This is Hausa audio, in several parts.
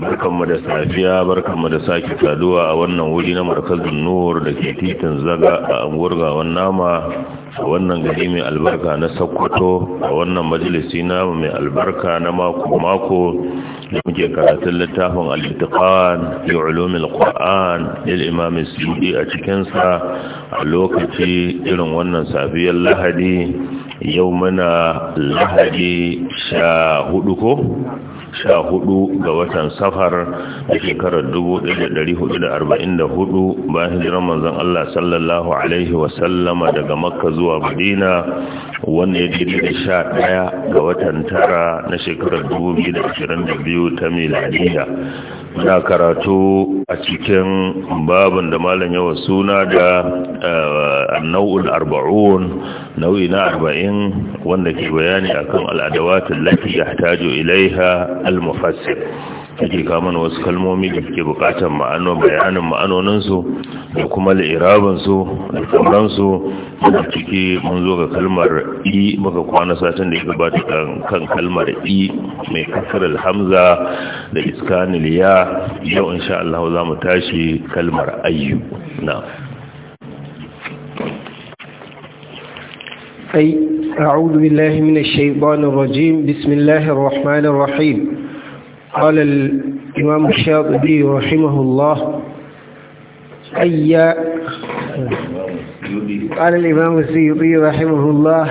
barkanmu da safiya barkanmu da sake saduwa a wannan wuri na markazin nur da ke titin zaga a anguwar gawan nama a wannan gari mai albarka na sokoto a wannan majalisi na mai albarka na mako-mako da muke karatun littafin al-ittiqan fi ulumil qur'an lil imam suyuti a cikin sa a lokaci irin wannan safiyar lahadi yau muna lahadi sha hudu ko sha hudu ga watan safar da shekarar 1444 bayan hijirar manzon Allah sallallahu alaihi wa sallama daga makka zuwa madina wanda ya daidai da sha daya ga watan tara na shekarar 2022 ta miladiya na karatu a cikin babin da malam yawa suna da eh, annau'ul arba'un nau'i na arba'in wanda ke bayani akan al'adawatin lati ya tajo ilaiha al-mufassir ake kamar wasu kalmomi da ke bukatar ma'ano bayanin ma'anoninsu da kuma li'irabinsu da sauransu da ciki mun zo ga kalmar i maka kwana satin da ya gabata kan kalmar i mai kasar alhamza da iskanilya yau insha Allah za mu tashi kalmar ayyu na أي أعوذ بالله من الشيطان الرجيم بسم الله الرحمن الرحيم قال الإمام الشاطبي رحمه الله أي قال الإمام السيوطي رحمه الله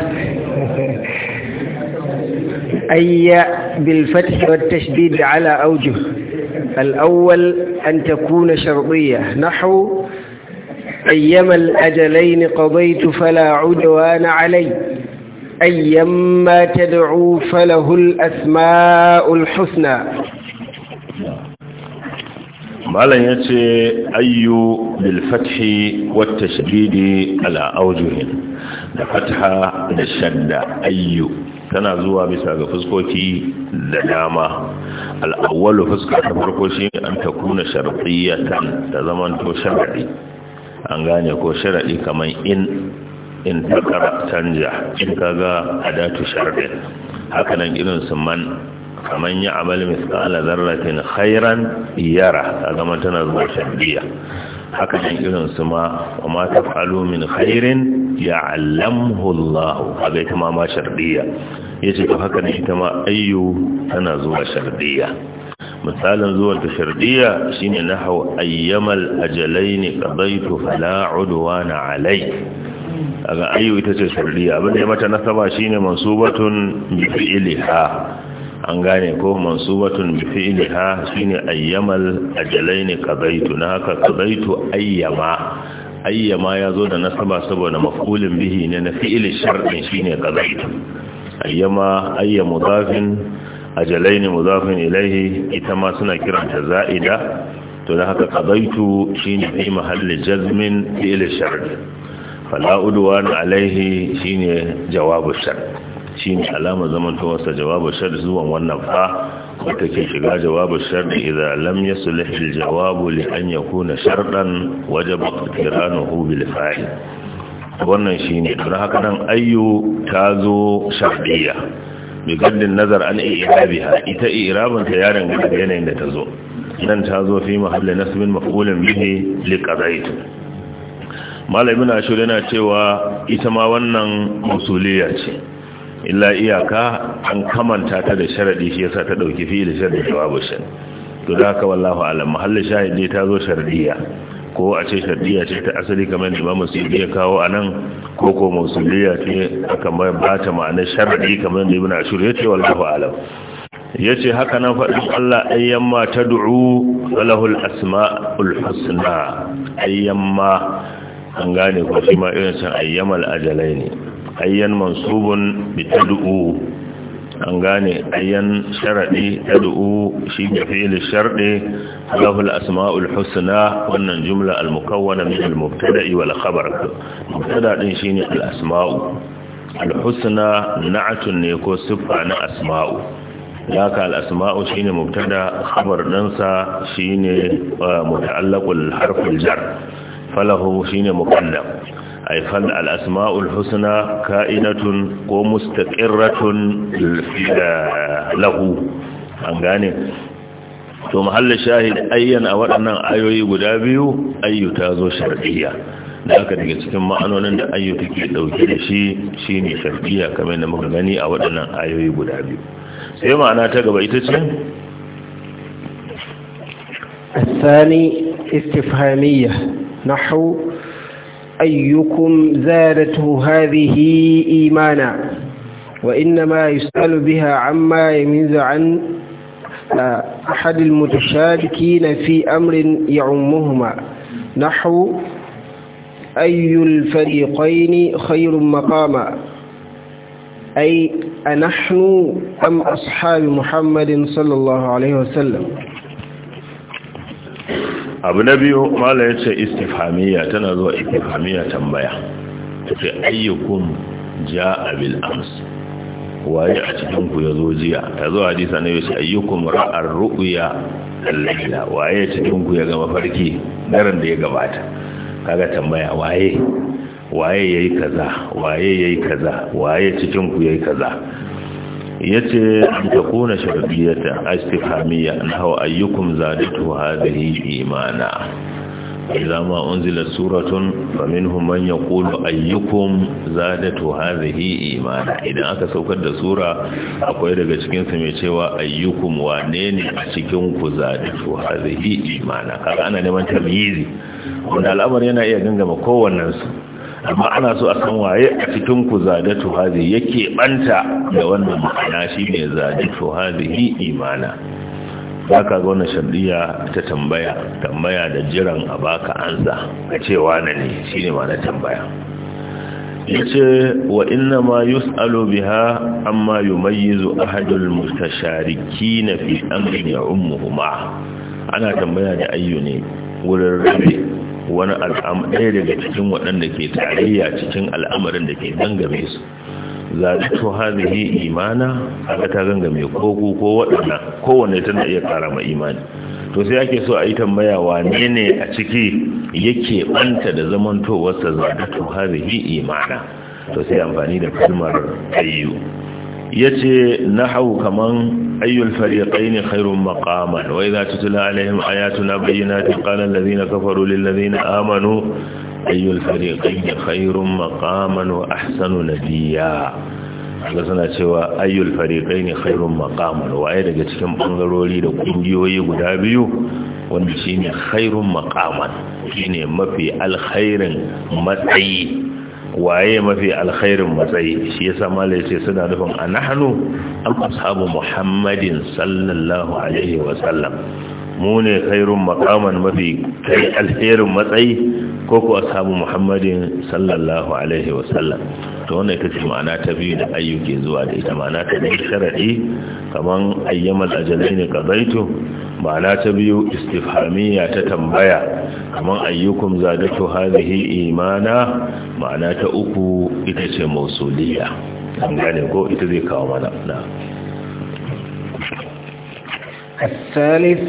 أي بالفتح والتشديد على أوجه الأول أن تكون شرطية نحو أيما الأجلين قضيت فلا عدوان علي أيما تدعو فله الأسماء الحسنى مالاً يتي أي بالفتح والتشديد على أوجهن الفتحة للشد أي كان زوا بساق فسكوتي لدامة الأول فسكة فرقوشي أن تكون شرقية تزمن تشرعي an gane ko sharaɗi kamar in in takara canja in kaga adatu sharadin hakanan irin su man kaman ya amal misqala zarratin khairan yara kaga man tana zuwa shaddiya hakanan irin su ma wa mata tafalu min khairin ya'lamhu Allah a gaita ma ma shardiya ce to hakanan ita ma ayyu tana zuwa shardiya misalin zuwan ta shardiya shine nahau ayyamal ajalaini qadaitu fala udwana alai kaga ayyu ita ce shardiya abin da mata nasaba shine mansubatun bi ha. an gane ko mansubatun bi fi'liha shine ayyamal ne, qadaitu na haka qadaitu ayyama ayyama zo da nasaba saboda maf'ulin bihi ne na fi'il shar'in shine qadaitu ayyama ayya zafin. ajalai ne muzafin ilaihi ita ma suna kiranta za'ida to da haka qadaitu shine fi mahalli jazmin fi'l shart fala udwan alaihi shine jawabu shart shine alama zaman to wasa jawabu shart zuwan wannan fa wata ke shiga jawabu shart idza lam su al jawabu li an yakuna shartan wajaba iqtiranuhu bil fa'il wannan shine don haka nan ayyu tazo shartiyya bigaddin nazar an i'rabiha ita i'rabin ta ya danganta da yanayin da ta zo nan ta zo fi mahalli nasbin maf'ulin bihi li qadaitu malamin ashur yana cewa ita ma wannan usuliyya ce illa iyaka an kamanta ta da sharadi shi yasa ta dauki fi da sharadi jawabu to da haka wallahu alam mahallin shahidi ta zo sharadiya ko a ce shardiya ce ta asali kamar da imamu su ya kawo a nan ko ko musuliya ce aka ba ta ma'anar sharadi kamar da ibn ashur ya ce wallahu alam ya ce haka nan faɗin Allah ayyamma ta du'u walahul asma'ul husna ayyamma an gane ko shi ma irin san ayyamal ajalai ne ayyan mansubun bi ta du'u! an gane ayyan sharadi tad'u shi da fi'il shardi lahu asmaul husna wannan jumla al-mukawwana min al-mubtada'i wal khabar mubtada din shine al-asma'u al-husna na'atun ne ko siffa na asma'u laka al-asma'u shine mubtada khabar dinsa shine eh, muta'allaqul harful jar falahu shine mukallaf ay fal al asma'ul husna ka'inatun ko mustaqirratun lahu an gane to mahallin shahid ayyan a waɗannan ayoyi guda biyu ayyu zo shar'iyya da aka daga cikin ma'anonin da ayyu take dauke da shi shine shar'iyya kamar da muka gani a waɗannan ayoyi guda biyu sai ma'ana ta gaba ita ce الثاني استفهامية نحو أيكم زادته هذه إيمانا وإنما يسأل بها عما يميز عن آه، أحد المتشاركين في أمر يعمهما نحو أي الفريقين خير مقاما أي أنحن أم أصحاب محمد صلى الله عليه وسلم abu na biyu mala ya ce Istifamiya tana zuwa Istifamiya tambaya ce ayyukun ja bil ams waye a cikin ku zo jiya zuwa hadisa na yace ayyukun ra'ar ru'ya al-layla waye cikin ku ya ga mafarki daren da ya gabata kaga tambaya waye waye yayi kaza waye yayi kaza waye cikinku ku yayi kaza yace an takuna sharbiyyata an hawa ayyukum zadatu hadhihi imana idza ma unzila suratun faminhum man yaqulu ayyukum zadatu hadhihi imana idan aka saukar da sura akwai daga cikin su mai cewa ayyukum wane ne a cikin ku zadatu hadhihi imana kaga ana neman tamyizi wanda al'amari yana iya gangama kowannen su amma ana so a san waye a cikin ku zadatu hazi yake banta da wannan ma'ana shine zadatu ni imana baka ga wannan shardiya ta tambaya tambaya da jiran a baka ansa a cewa na ne shi ne ma'ana tambaya yace wa inna ma yus'alu biha amma yumayyizu ahadul mustasharikin fi amrin ya ummuhuma ana tambaya da ayyu ne wurin rabe wani al'amari ɗaya daga cikin waɗanda ke tarayya cikin al'amarin da ke gangame su zaɗito hazihi imana a ta gangame ko ko waɗanda kowane tana iya ƙara ma imani to sai ake so a yi tambaya wane ne a ciki yake ɓanta da zamantowarsa zaɗito hazihi imana to sai amfani da kalmar ayyu Ya ce na hau kaman ayyul fariqaini khairun maqaman wa idza tutla alaihim ayatuna bayyinatin qala alladhina kafaru lil ladina amanu ayyul fariqaini khairun maqaman wa ahsanu nabiyya ga suna cewa ayyul fariqaini khairun maqaman wa ai daga cikin bangarori da ƙungiyoyi guda biyu wanda shine khairun maqaman shine mafi alkhairin matsayi waye mafi alkhairin matsayi shi yasa malai ce suna nufin a nahnu am ashabu muhammadin sallallahu alaihi mu ne khairun makaman mafi kai alkhairin matsayi ko ko ashabu muhammadin sallallahu alaihi to wannan ita ce ma'ana ta biyu da ayyuke zuwa da ita ma'ana ta biyu sharadi kaman ayyamal ajalaini qadaitu ma'ana ta biyu istifhamiyya ta tambaya kaman ayyukun zadatu hadhihi imana ma'ana ta uku ita ce mausuliya an gane ko ita zai kawo mana na الثالث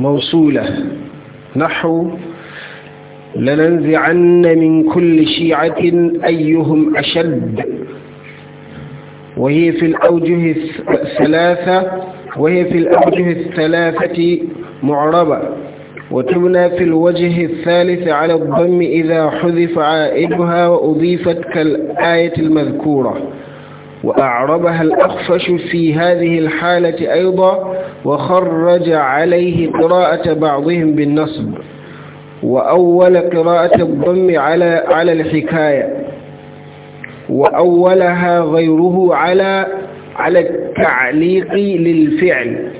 موصولة نحو لننزعن من كل شيعة أيهم أشد وهي في الأوجه الثلاثة وهي في الأوجه الثلاثة معربة وتبنى في الوجه الثالث على الضم إذا حذف عائدها وأضيفت كالآية المذكورة وأعربها الأخفش في هذه الحالة أيضا وخرج عليه قراءة بعضهم بالنصب وأول قراءة الضم على على الحكاية وأولها غيره على على التعليق للفعل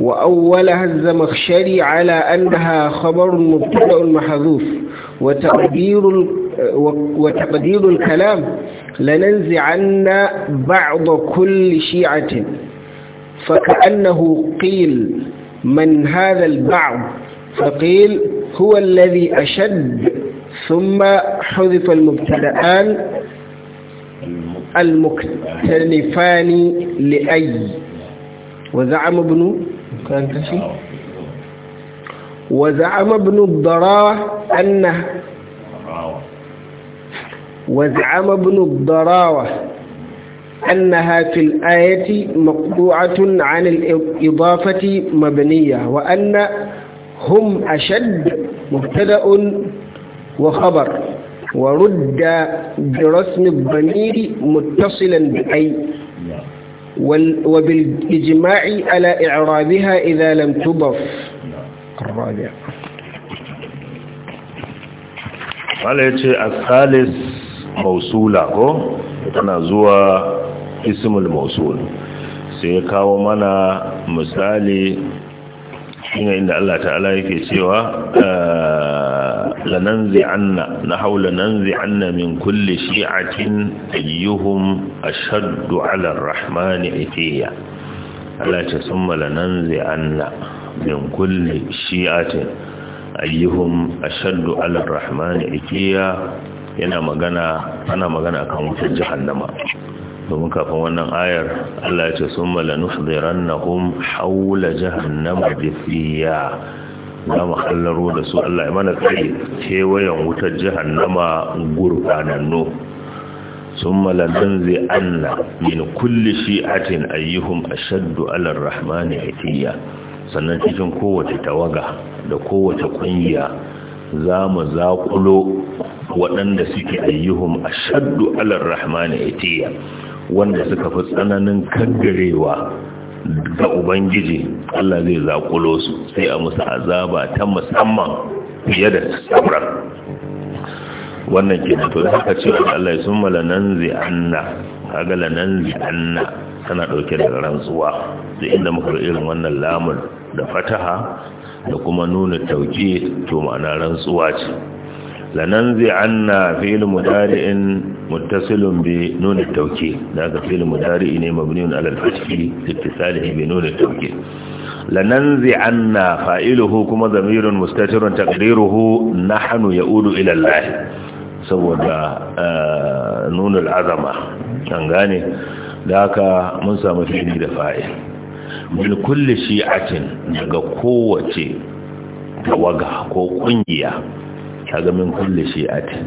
وأولها الزمخشري على أنها خبر مبتدأ محذوف وتقدير وتقدير الكلام لننزعن بعض كل شيعة فكأنه قيل من هذا البعض فقيل هو الذي أشد ثم حذف المبتدأان المكتنفان لأي وزعم ابن وزعم ابن الضراوة أنه وزعم ابن الضراوة أنها في الآية مقطوعة عن الإضافة مبنية وأن هم أشد مبتدأ وخبر ورد برسم الضمير متصلا بأي وبالإجماع على إعرابها إذا لم تضف الرابع قال يتي الثالث موصولة tana zuwa ismul mausul sai kawo mana misali shine inda Allah ta'ala yake cewa ah, lananzi anna na haula nanzi anna min kulle shi'atin ayyuhum ashaddu 'ala ar-rahmani itiya Allah ce summa lananzi anna min kulle shi'atin ayyuhum ashaddu 'ala ar-rahmani itiya yana magana ana magana kan wutar jahannama domin kafin wannan ayar Allah ya ce sun malanu hadiran haula jahannama da fiya za mu da su Allah ya mana tsaye kewayen wutar jahannama gurfananno sun malantan zai anna min kulli shi'atin ayyuhum ashaddu alar rahmani hitiya sannan cikin kowace tawaga da kowace kungiya za mu zaƙulo waɗanda suke ayyuhum ashaddu alar rahmani hitiya wanda suka fi tsananin kangarewa ga ubangiji Allah zai zakulo su sai a musu azaba ta musamman fiye da sauran wannan ke to haka ce Allah ya summa zai anna kaga zai anna tana ɗauke da rantsuwa da inda muka irin wannan lamun da fataha da kuma nuna tauke to ma'ana rantsuwa ce lananzi anna fi'il mudari'in muttasilun bi nun at-tawkid daga fi'il mudari'i ne mabniun ala al-fathi ittisalihi bi nun at-tawkid lananzi anna fa'iluhu kuma zamirun mustatirun na hannu ya udu Allah saboda nun al-azama an gane daga mun samu fili da fa'il min kulli shi'atin daga kowace tawaga ko ƙungiya. kaga min kulli shi'ati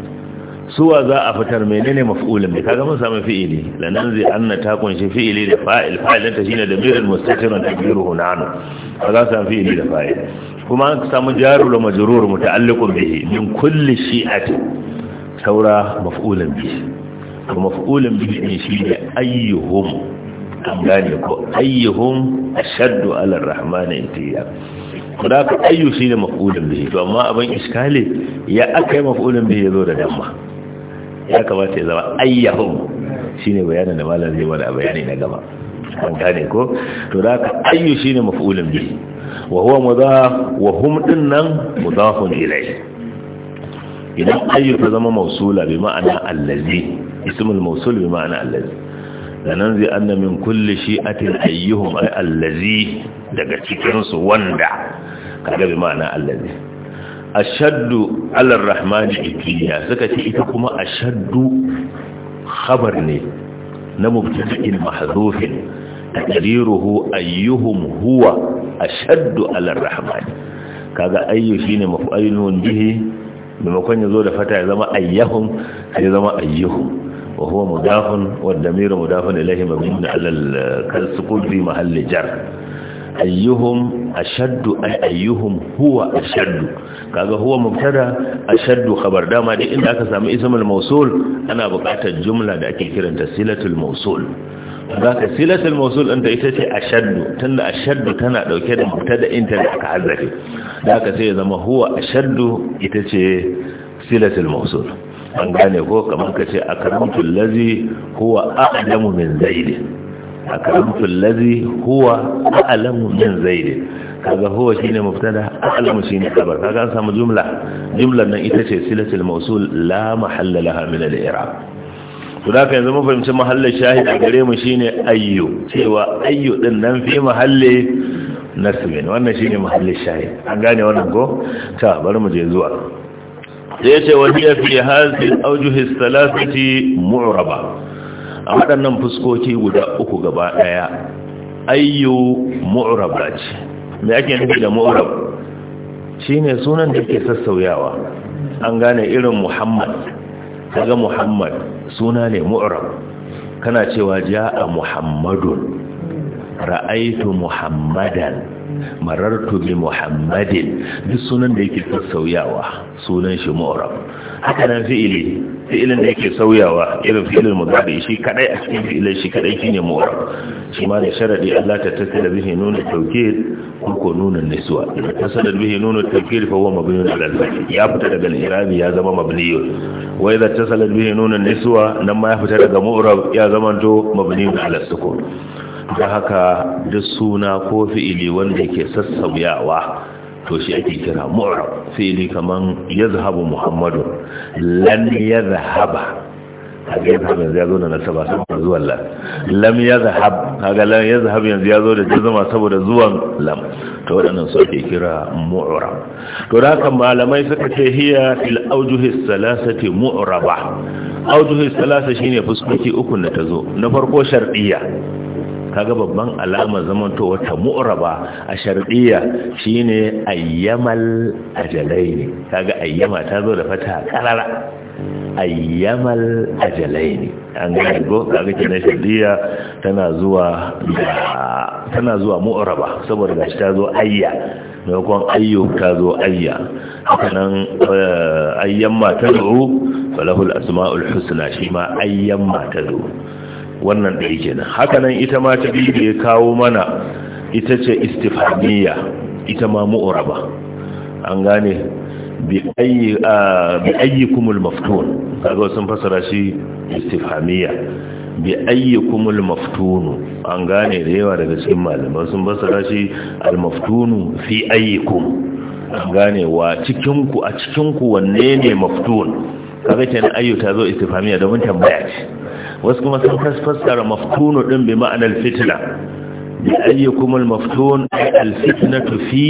suwa za a fitar menene maf'ulun bi kaga mun samu fi'ili lanan zai anna ta kunshi fi'ili da fa'il fa'ilin ta shine da mirin mustatirun takbiruhu nanu kaga samu fi'ili da fa'il kuma an samu jarul majrur muta'alliqun bihi min kulli shi'ati saura maf'ulun bihi kuma maf'ulun shi ne ayyuhum an gane ko ayyuhum ashaddu ala ar-rahmani intiya da ka ayyu shi da maf'ulun bihi to amma abin iskali ya aka yi maf'ulun bihi zo da damma ya kamata ya zama ayyahum shine bayanin da malam zai bada bayani na gaba an gane ko to da ka ayyu shine maf'ulun bihi wa huwa mudaf wa hum dinnan mudafun ilayhi idan ayyu ta zama mausula bi ma'ana allazi ismul mausul bi ma'ana allazi nan zai anna min shi shi'atin ayyuhum ay allazi daga cikin su wanda kaga bi ma'ana allazi ashaddu ala rahmani ibtiya suka ce ita kuma ashaddu khabar ne na mubtada'in mahdhufin taqdiruhu ayyuhum huwa ashaddu ala rahmani kaga ayyu shine maf'ulun bihi maimakon yazo da fata ya zama ayyahum sai zama ayyuhum wa huwa mudafun wa damiru mudafun ilayhi mabni ala al-kasqud fi jar ayyuhum ashaddu ay ayyuhum huwa ashaddu kaga huwa mubtada ashaddu khabar dama da inda aka samu ismul mawsul ana buƙatar jumla da ake kiranta silatul mawsul zaka silatul mawsul ɗin da ita ce ashaddu tunda ashaddu tana dauke da mubtada inta da aka hazzafe zaka sai ya zama huwa ashaddu ita ce silatul mawsul an gane ko kamar kace akramtul ladzi huwa a'lamu min zaidin akramtu allazi huwa a'lamu min zaid kaga huwa shine mubtada a'lamu shine khabar kaga an samu jumla jumlar nan ita ce silatul mawsul la mahalla laha min al-i'rab to da ka yanzu mun fahimci mahallin shahid a gare mu shine ayyu cewa ayyu din nan fi mahalli nasbin wannan shine mahallin shahid an gane wannan ko ta bari mu je zuwa sai ya ce wani ya fi hazin aujuhis talatati mu'raba a waɗannan fuskoki guda uku gaba ɗaya ayyu mu'rab ce mai ake nufi da mu'rab shine sunan da ke sassauyawa an gane irin muhammad daga muhammad suna ne mu'rab kana cewa ja a muhammadun ra'aitu muhammadan marartu bi muhammadin duk sunan da yake sauyawa sunan shi mu'rab haka nan fi'ili fi'ilin da yake sauyawa irin fi'ilin mudari shi kadai a cikin fi'ilin shi kadai shine mu'rab shi ma da sharadi Allah ta tasala bihi nunu tawkid ko ko nunu niswa tasala bihi nunu tawkid fa huwa mabniun ala al-fath ya fita daga al-i'rabi ya zama mabniyun wa idza tasala bihi nunu niswa nan ma ya fita daga mu'rab ya zamanto mabniun ala al-sukun da haka duk suna ko fi'ili wanda ke sassauyawa to shi ake kira mu'rab fi'ili kaman yazhabu muhammadu lan yazhaba kaga yazhab yanzu ya zo da nasaba saboda zuwan lam lam yazhab kaga lam yazhab yanzu ya zo da jazma saboda zuwan lam to wadannan su ake kira mu'rab to da haka malamai suka ce hiya fil awjuhi salasati mu'raba awjuhi salasa shine fuskoki uku da tazo na farko shar'iyya kaga babban alama zamantowa ta mu'raba a shar'iyya shine ayyamal ajalaini kaga ayyama ta zo da fata karara ayyamal ajalaini an ga go kaga kenan shar'iyya tana zuwa tana zuwa mu'raba saboda gashi ta zo ayya maimakon ayyo ta zo ayya hakanan eh, ayyan ma ta zo falahul asma'ul husna shi ma ayyan ma ta zo wannan ɗaya kenan hakanan ita ma ta biyu da ya kawo mana ita ce istifamiya ita ma mu'uraba an gane bi kumul maftun kaga sun fasara shi istifamiya bi kumul maftunu an gane da yawa daga cikin malaman sun fasara shi al maftunu fi ayyikum an gane wa cikin ku a cikin ku wanne ne maftun kaga kenan ayyuta ta zo istifamiya domin tambaya ce wasu kuma sun fassara mafkuno ɗin bi ma'anar fitina. bi ayyukum al-maftun al-fitnatu fi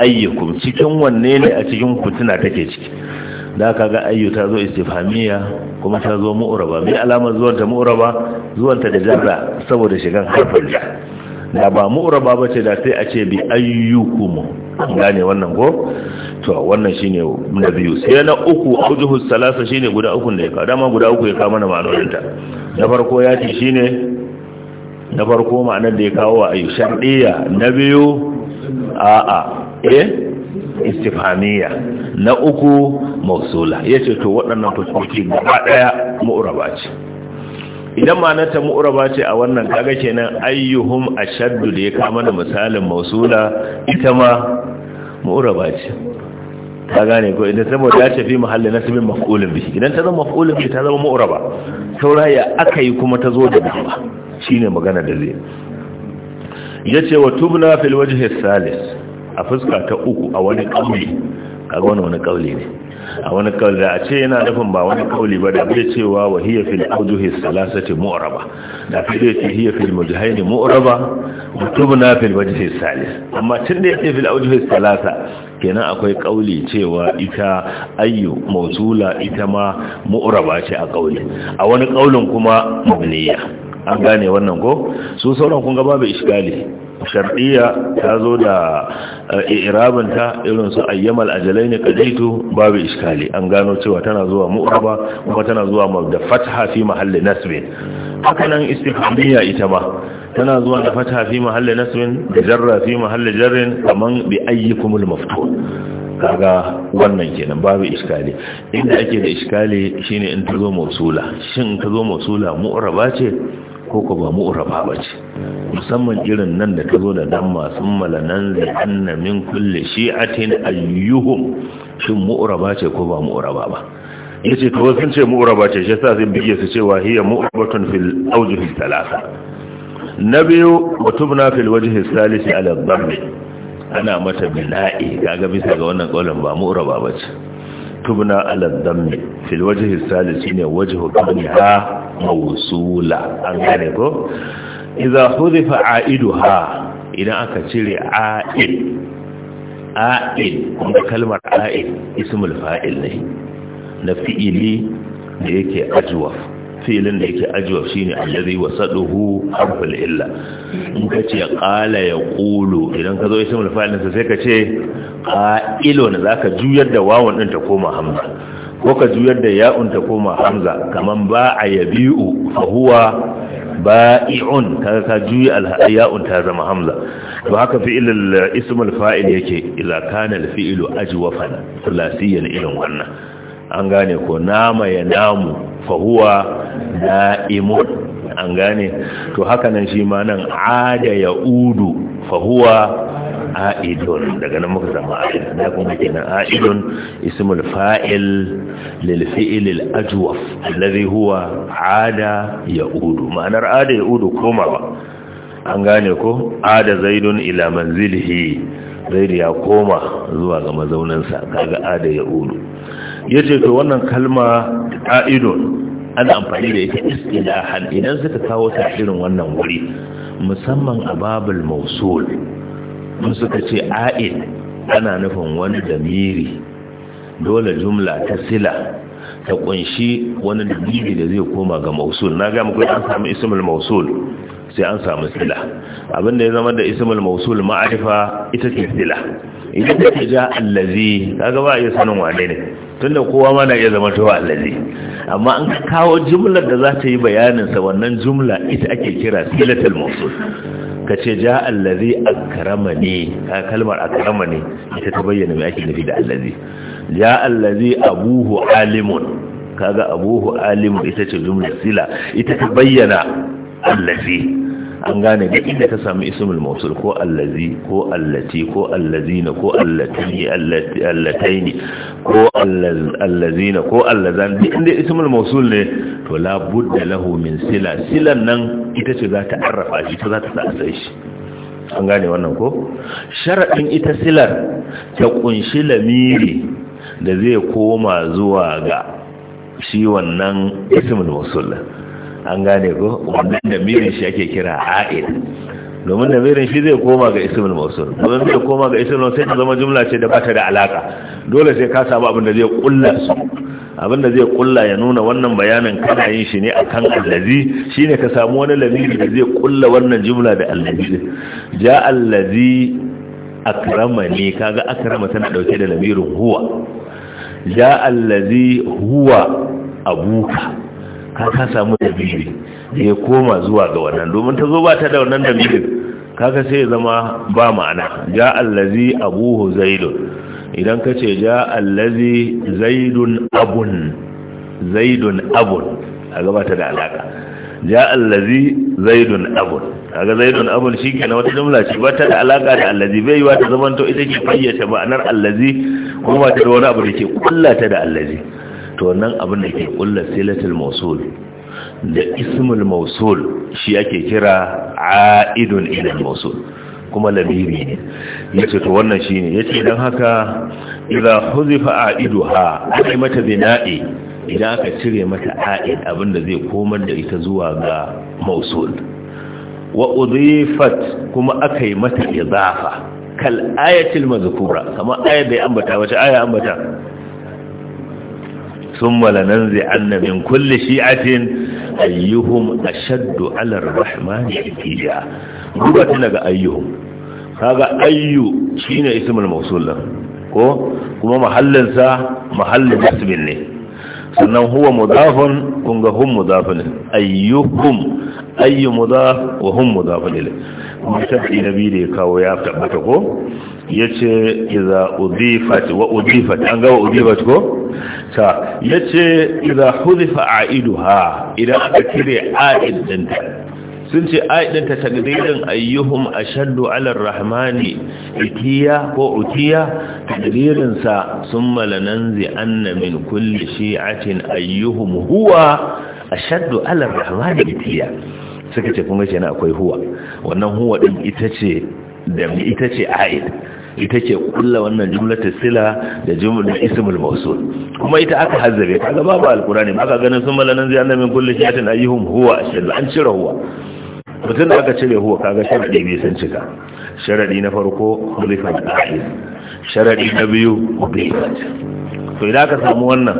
ayyukum cikin wanne ne a cikin fitina take ciki da ka ga ayyu ta zo istifhamiya kuma ta zo mu'raba bi alamar zuwan ta mu'raba zuwan ta da jarra saboda shigan harfin ja da ba mu'raba bace da sai a ce bi ayyukum gane wannan ko to wannan shine na biyu sai na uku aujuhus salasa shine guda uku ne ka dama guda uku ya kama mana ma'anorinta na farko ya ce shine na farko ma'anar da ya kawo a shar'iyya na biyu a'a e eh, istifaniya na uku mausula Ya ce to waɗannan fuskoki gaba daya ba ce idan ma'anar ta ba ce a wannan kaga kenan ayyuhum shaddu da ya kama da misalin mausula ita ma ba ce ka gane ko idan saboda ya tafi na sabin maf'ulin bihi idan ta zama maf'ulin bihi ta zama mu'raba sauraya aka yi kuma ta zo da ba shine magana da zai yace wa tubna fil wajhi salis a fuska ta uku a wani kauli wani wani kauli ne a wani kauli da a ce yana nufin ba wani kawai ba da bai cewa wa hiya fil awjuhi salasati mu'raba da fi da ce hiya fil mujahidi mu'raba wa na fil wajhi salis amma tun da yake fil awjuhi salasa kenan akwai kauli cewa ita ayyu mawsula ita ma mu'raba ce a kauli a wani kaulin kuma mabniya an gane wannan ko su sauran kun ga babu iskali shar'iyya ta zo da eh, irabinta irin su ayyamal ajalai ne kadaitu babu iskali an gano cewa tana zuwa mu'raba kuma tana zuwa da fatha fi mahalli nasbin haka nan ita ma tana zuwa da fatha fi mahalli nasbin da jarra fi mahalli jarrin kaman bi ayyikumul maftun kaga wannan kenan babu iskali inda ake da iskali shine in ta zo mausula shin ta zo mausula mu'raba ce ko ko ba mu'uraba ba ce musamman irin nan da ta zo da dan masu malanan annamin anna min kulli shi'atin ayyuhum shin mu'raba ce ko ba mu'raba ba yace to sun ce mu'raba ce shi yasa zai bige su cewa hiya mu'rabatun fil awjuhi thalatha na biyu watubna fil wajhi thalith ala dhammi ana mata bina'i kaga bisa ga wannan kaulan ba mu'raba ba ce tubna ala dhammi fil shi ne waje wajhu ha mawsula an gane ko idza hudifa ha idan aka cire aid aid kuma kalmar aid ismul fa'il ne na fi'ili da yake ajwaf filin da yake ajiyar shi ne allazi wasaduhu harful illa in ka ce ya yaqulu idan ka zo ismul fa'il sai ka ce za zaka juyar da wawan dinta ta koma hamza ko ka juyar da ya'un ta koma hamza kaman ba yabi'u fa huwa ba'i'un kaga ka juya al-ya'un ta zama hamza to haka fi'il ismul fa'il yake ila kana al-fi'lu irin wannan an gane ko nama ya namu fahuwa imun an gane to haka nan shi ma nan ada ya udu fahuwa a'idun daga nan muka zama a'idun ya kuma kenan a'idun ismul fa'il lil fi'il al ajwaf alladhi huwa ada ya udu ma'anar ada ya udu komawa an gane ko ada zaidun ila manzilihi zaidu ya koma zuwa ga mazauninsa kaga ada ya udu ya ce to wannan kalma ƙa'idon ana amfani da ita istilahan idan suka kawo ta irin wannan wuri musamman a babul mausul mun suka ce a'id ana nufin wani damiri dole jumla ta sila ta kunshi wani damiri da zai koma ga mausul na ga muku an samu ismul mausul sai an samu sila abinda ya zama da ismul mausul ma'arifa ita ce sila idan ka ja allazi kaga ba iya sanin wane ne tunda kowa ma na iya zama to allazi amma an kawo jumlar da za ta yi bayanin sa wannan jumla ita ake kira silatul mausul kace ja allazi akramani ka kalmar akramani ita ta bayyana me ake nufi da allazi ja allazi abuhu alimun kaga abuhu alimun ita ce jumlar sila ita ta bayyana allazi an gane da inda ta samu ismul mausul ko allazi ko allati ko allazina ko allati allataini ko allazina ko allazan duk inda ismul mausul ne to la budda lahu min sila silan nan ita ce za ta arrafa shi ta za ta sa shi an gane wannan ko sharadin ita silar ta kunshi lamiri da zai koma zuwa ga shi wannan ismul mausul an gane ko wannan damirin shi ake kira a'il domin damirin shi zai koma ga ismul mausul domin zai koma ga ismul mausul sai zama jumla ce da bata da alaka dole sai ka samu abin da zai kulla su abin da zai kulla ya nuna wannan bayanin kana yin shi ne akan allazi shine ka samu wani lamiri da zai kulla wannan jumla da allazi ja allazi akrama ne kaga akrama tana dauke da lamirin huwa ja allazi huwa abuka ka ka samu biyu ya koma zuwa ga wannan domin ta zo ba ta da wannan dalilin kaka sai zama ba ma'ana ja allazi abuhu zaidun idan ka ce ja allazi zaidun abun zaidun abun a gabata da alaka ja allazi zaidun abun kaga zaidun abun shi ke na wata jumla ce ba ta da alaka da allazi bai yiwa ta zamanto ita ke fayyace ma'anar allazi kuma ba ta da wani abu da ke kulla ta da allazi to nan abin da ke kulla silatul mausul da ismul mausul shi ake kira aidun ila mausul kuma lamiri ne yace to wannan shine yace dan haka idza huzifa aiduha ai mata bina'i idan aka cire mata aid abin da zai komar da ita zuwa ga mausul wa udhifat kuma akai mata idafa kal ayatil mazkura kama ayat da ambata wata aya ambata summa nan zai min kulle shi'atin ayyuhun ashaddu 'ala ar-rahmani ittija duba tun daga ayyuhum kaga ayyu shine ismul mawsul ko kuma mahallinsa mahallin ismin ne sannan huwa mudafun kunga hun mudafun ayyukum ayyu mudaf wa hun mudafun ilay mutafi nabi da ya kawo ya tabbata ko ya ce iza udifat wa udifat an ga udifat ko ta ya yace idza hudifa ha idan aka kire a idanta sun ce aidin ta ayyuhun a ashaddu ala rahmani itiya ko utiya tagdirin sun summa lananzi anna min kulli shi'atin ayyuhun huwa a ashaddu ala rahmani itiya suka ce kun ga kenan akwai huwa wannan huwa din ita ce da ita ce aid ita ce kulla wannan jumlatul sila da jumlatul ismul mawsul kuma ita aka hazzabe kaga babu alqur'ani ba aka ganin sun malanan zai annabi kullu shayatin ayyuhum huwa shalla an cira huwa mutum da aka cire huwa kaga sharaɗi bai san cika Sharaɗi na farko hulifan ahir sharaɗi na biyu ubefat to idan aka samu wannan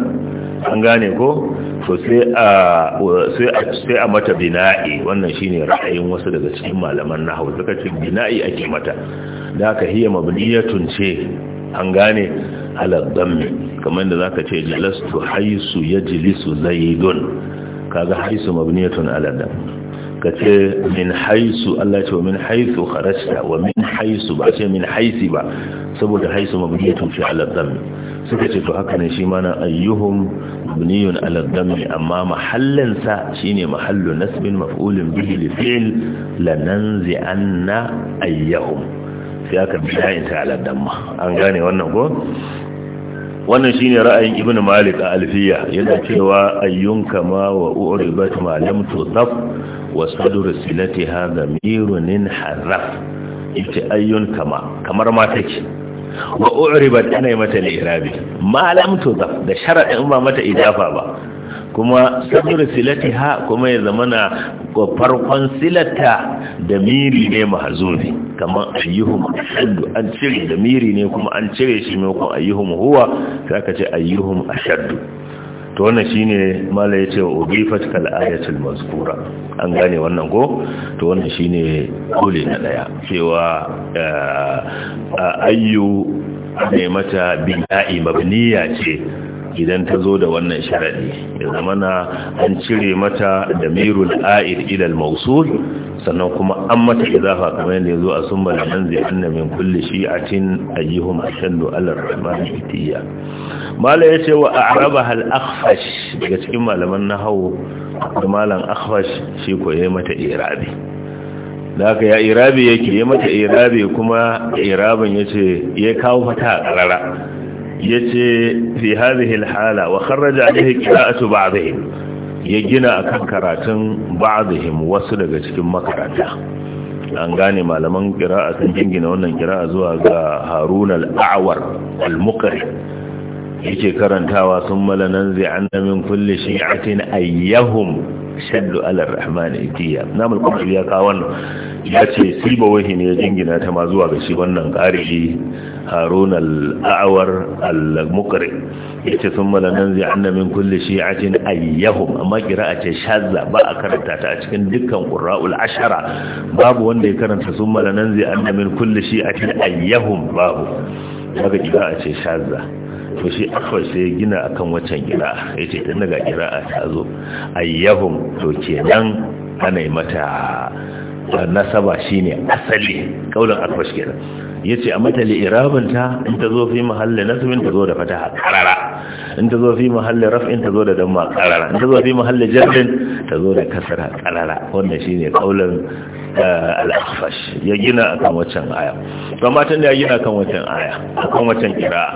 an gane ko to sai a mata bina'i wannan shine ra'ayin wasu daga cikin malaman hau suka ce bina'i ake mata da aka hiya mabniyatun ce an gane ala kamar da zaka ce jalastu haisu ya yajlisu zaidun kaga haisu mabniyatun tun dammi ka ce min haisu Allah ce wa min haisu kharajta wa min haisu ba ce min haisi ba saboda haisu mabniyatun fi ala dhammi suka ce to haka ne shi ma na ayyuhum mabniyun ala amma mahallin sa shine mahallu nasbin maf'ulun bihi li fi'l lananzi anna ayyuhum sai aka bida'in ta ala dhamma an gane wannan ko wannan shine ra'ayin ibnu malik a alfiya yana cewa ayyun kama wa uribat ma lam tusaf wa sadur silatiha zamirun harraf ita ayyun kama kamar ma take wa uribat ana mata al Malam to da da ba mata ijafa ba kuma sadur ha kuma ya zamana farkon silata da miri ne mahzuni kamar ayyuhum ashaddu an cire da miri ne kuma an cire shi ne kuma ayyuhum huwa zaka ce ayyuhum ashaddu to wannan shine mala yace wa ubifat kal ayatul mazkura an gane wannan ko to wannan shine dole na daya cewa eh, ayyu ne mata bida'i mabniya ce idan ta zo da wannan sharadi zama na an cire mata da mirul a'id ilal mausul sannan kuma an mata izafa kamar yadda ya zo a sun balaman zai anna min kulli shi'atin ayyuhum ashaddu ala rahman itiya ya. yace wa a'raba hal akhfash daga cikin malaman nahwu da malam akhfash shi ko yayi mata irabi da haka ya irabi yake yayi mata irabi kuma irabin yace ya kawo fata a ƙarara. ce fi hadhihi alhala wa kharraja alayhi qira'atu ba'dihim ya gina akan karatun ba'dihim wasu daga cikin makaranta an gane malaman qira'a sun gina wannan qira'a zuwa ga Harun al-A'war al-Muqri yake karantawa sun mala nan zai an damin kulle cikin ayyahum shaddu alar rahman itiya Na kwamfil ya kawo wannan ya ce siba wahi ne ya jingina ta ma zuwa ga shi wannan ƙarishi harun al'awar al-mukari ya ce sun mala nan zai an damin kulle cikin ayyahum amma kira a ce shazza ba a karanta ta a cikin dukkan ƙura'ul ashara babu wanda ya karanta sun mala nan zai an damin kulle cikin ayyahum babu daga kira a ce shazza to shi akwai sai ya gina kan waccan gina ya ce tun daga kira'a ta zo ayyahum to kenan ana yi mata nasaba shine asali akwai shi Ya ce a mata ta in ta zo fi mahalli nasbin ta zo da fata a karara in ta zo fi mahalli raf'in ta zo da damma karara in ta zo fi mahalli jirgin ta zo da a karara wannan shine kaulin al-akhfash ya gina kan waccan aya kuma tun da ya gina kan waccan aya kan waccan qira'a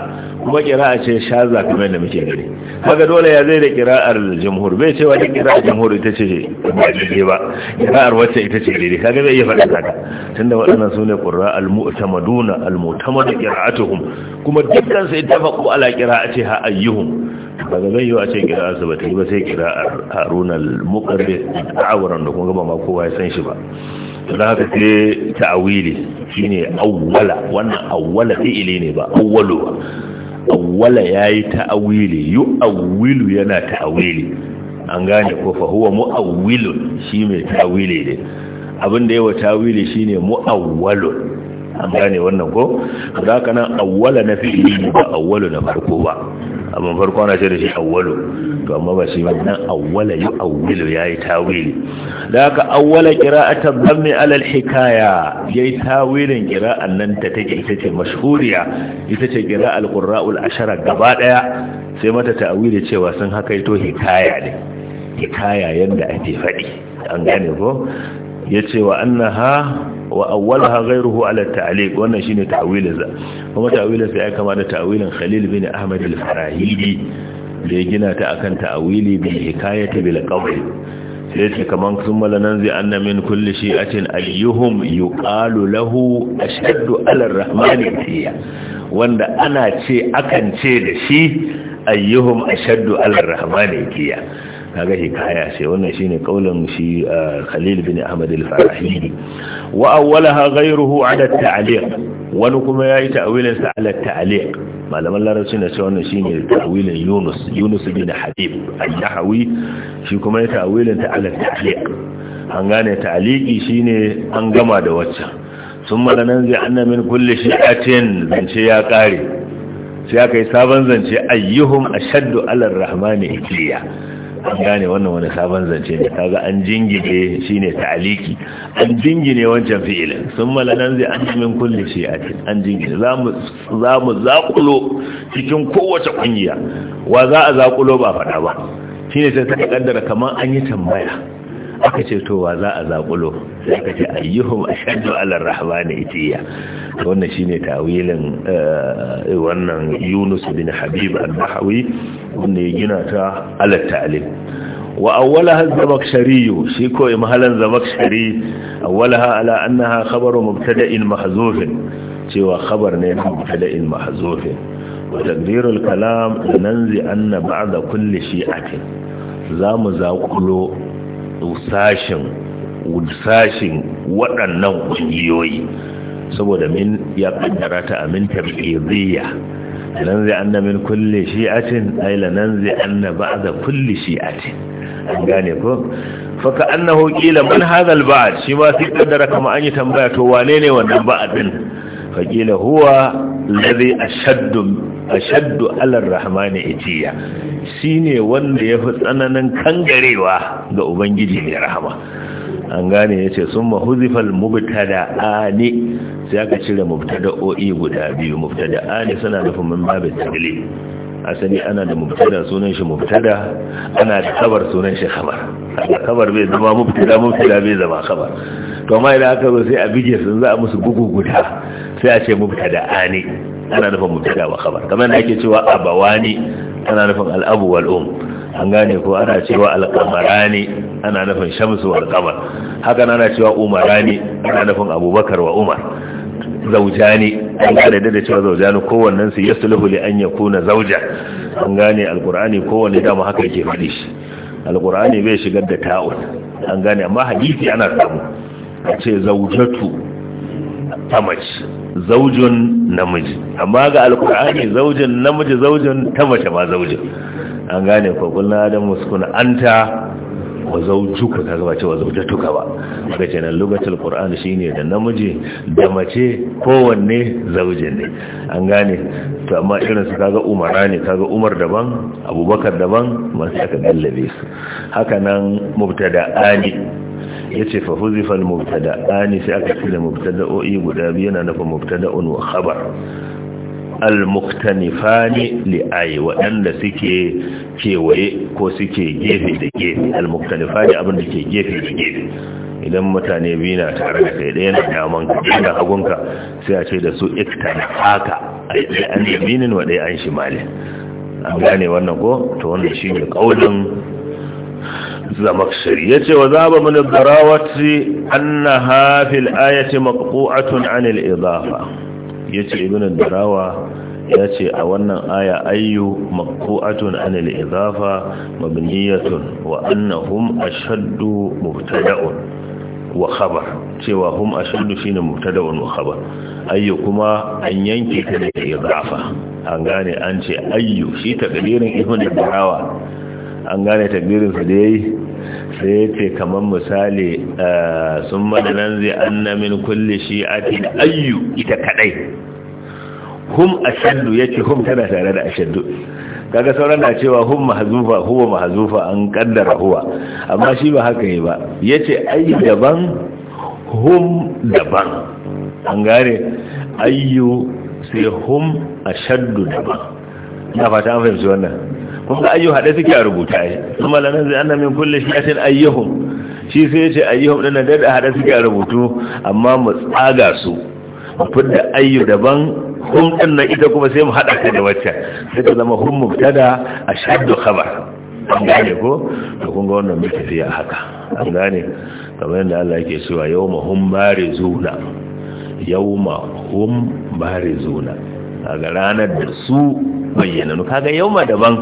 kuma qira'a ce shaza kamar da muke gani kaga dole ya zai da qira'ar jumhur bai cewa da qira'ar jumhur ita ce daidai ba qira'ar wacce ita ce daidai kaga yi iya faɗa haka tunda waɗannan sune qurra al-mu'tamaduna al-mu'tamadu qira'atuhum kuma dukkan sai tafaqu ala qira'ati ha ayyuhum daga zai yi a ce ba ta yi ba sai kira'ar a da kuma gaba ma kowa ya san shi ba da haka sai ta'awili shine awwala wannan awwala fi'ili ne ba awwalo awwala yayi ta'awili yu'awwilu yana ta'awili an gane ko fa huwa mu'awwilun shi mai ta'awili ne abin da yawa ta'awili shine mu'awwalun an gane wannan ko za ka nan awwala na fi'ili ba awwalu na farko ba amma farko ana ce da shi awwalu to amma ba shi wannan awwala yu awwalu yayi tawili da ka awwala qira'atan dhammi ala al-hikaya yayi tawilin qira'an nan ta take ita ce mashhuriya ita ce qira'al qurra'ul ashara gaba ɗaya. sai mata ta'awili cewa sun haka hakaito hikaya ne hikaya yanda ake faɗi an gane ko yace wa annaha wa awwalaha ghayruhu ala ta'liq wannan shine ta'wilin za kuma ta'wilin sai ya kama da ta'wilin Khalil bin Ahmad al da ya gina ta akan ta'wili bil hikayati bil qawl sai ce kaman sun malanan zai shi min kulli shi'atin ayyuhum yuqalu lahu a ala ar-rahmani tiya wanda ana ce akan ce da shi ayyuhum a ala ar-rahmani tiya kaga hikaya sai wannan shine kaulan shi Khalil bin Ahmad al-Farahi wa awwalaha ghayruhu ala at-ta'liq wani kuma yayi ta'wilin sa ala at-ta'liq malaman larabci ne cewa wannan shine ta'wilin Yunus Yunus bin Habib al-Nahawi shi kuma ya ta'wilin ta ala at-ta'liq an gane ta'liqi shine an gama da wacce sun nan zai anna min kulli shi'atin zance ya kare sai aka yi sabon zance ayyuhum ashaddu ala ar-rahmani ikliya an gane wannan wani sabon zance ne ga an jingine shine aliki an jingine wancan fi'ilin sun malanan zai an min kulli shi'atin an jingine za mu zaƙulo cikin kowace kungiya wa za a zaƙulo ba faɗa ba shine sai ta kaddara kamar an yi tambaya aka ce to wa za a zaƙulo sai aka ce ayyuhum ashaddu ala rahmani itiya wannan shine tawilin eh, wannan Yunus bin Habib al-Bahawi wanda ya gina ta ala ta'lim wa awwalaha az-zamakhshari shi ko imhalan zamakhshari awwalaha ala annaha khabaru mubtada'in mahzufin cewa khabar ne mubtada'in mahzufin wa tadbirul kalam lanzi anna ba'da kulli shi'atin za mu zaƙulo sashin sashin waɗannan ƙungiyoyi saboda min ya kaddara ta aminta bi'idiyya Nan zai anna min kulli shi'atin ay nan zai anna ba'da kulli shi'atin an gane ko faka annahu qila man hadha al shi ma sai kaddara kama an yi tambaya to wane ne wannan ba'adin. Faƙila fa qila huwa alladhi ashaddu ashaddu alar rahmani itiya shine wanda ya fi tsananin kangarewa ga ubangiji mai rahama an gane ya ce sun mahuzifal mubtada ani sai aka cire mubtada o'i guda biyu mubtada ani suna nufin min babin tagli asali ana da mubtada sunan shi mubtada ana da kabar sunan shi khabar kaga kabar bai zama mubtada mubtada bai zama khabar to amma idan aka zo sai a bige sun za a musu gugu guda sai a ce mubtada ani ana nufin mubtada wa khabar kamar da ake cewa abawani ana nufin al'abu wal um an gane ko ana cewa alqamarani ana nufin shamsu wal qamar haka ana cewa umarani ana nufin abubakar wa umar zaujani an gane da da cewa zaujani kowannen su yasluhu li an yakuna zauja an gane alqur'ani kowanne dama haka yake faɗi shi alqur'ani bai shigar da ta'un an gane amma hadisi ana samu a ce zaujatu ta mace zaujun namiji amma ga alkur'ani zaujin namiji zaujin ta mace ba zaujin an gane ko na adam muskuna ta wa zaujuka kaga ba cewa zaujatuka ba daga lokacin alkur'ani shi ne da namiji da mace kowanne zaujin ne an gane to amma irin su kaga umara ne kaga umar daban abubakar daban masu aka gallabe su haka nan ya ce fa huzifal mubtada ani sai aka cire o'i guda biyu yana nufin mubtada'un wa khabar al-muktanifani li'ayi waɗanda suke kewaye ko suke gefe da gefe al-muktanifani abin da ke gefe da gefe idan mutane biyu na tare da kai ɗaya na daman ɗaya hagunka sai a ce da su iktana haka a yi ɗaya an wa ɗaya an shimali an gane wannan ko to wannan shi ne ƙaunin الزمخشري يتي وذاب من الضراوة أنها في الآية مقطوعة عن الإضافة يتي ابن الضراوة يتي أولا آية أي مقطوعة عن الإضافة مبنية وأنهم أشد مبتدأ وخبر سوى هم أشد شين مبتدأ وخبر أيكما أن ينكي الإضافة أنغاني أنت أي شيء تقدير ابن الضراوة an gane takbirinsa da ya yi sai ce kamar misali ah, sun madanan zai anna min kulli shi'atin ayyu ita kadai hum ashaddu yace hum tana tare da ashaddu kaga sauran na cewa hum mahzufa huwa mahzufa an kaddara huwa amma shi ba haka yi ba yace ayyu daban hum daban an gare ayyu sai hum ashaddu daban na fata an fahimci wannan kun ga ayyuhu haɗe suke a rubuta ai kuma lanar zai ana min kulle shi atin ayyuhu shi sai ce ayyuhu ɗin na daɗa haɗe suke a rubutu amma mu tsaga su mu fidda ayyu daban hum ɗin na ita kuma sai mu haɗa ta da wacce sai ta zama hum mubtada a shaddu khabar an gane ko to kun ga wannan muke a haka an gane kamar yadda Allah yake cewa yawma hum barizuna yawma hum barizuna kaga ranar da su nu kaga ma daban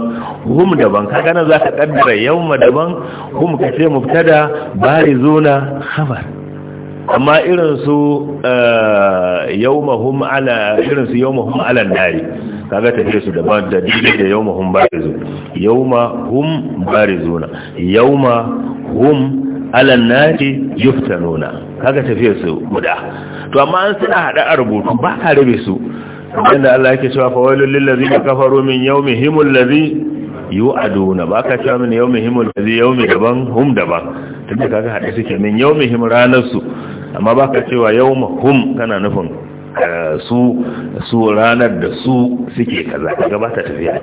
hum daban kaga nan zaka kaddara ma daban hum ka ce mubtada zuna, khabar amma irin su eh, hum ala irin su hum ala nari kaga tafiye su daban da dide da bari zuna. barizu yaumahum barizuna yaumahum ala nari yuftanuna kaga tafiye su guda to amma an suna hada a rubutu ba ka rabe su inda Allah yake cewa fa wailul lil ladzina kafaru min yawmihim alladhi yu'aduna ba ka cewa min yawmihim alladhi yawmi daban hum daban tunda kaga hada suke min yawmihim ranar su amma ba ka cewa hum. kana nufin eh, su su ranar da su suke kaza kaga ba ta tafiya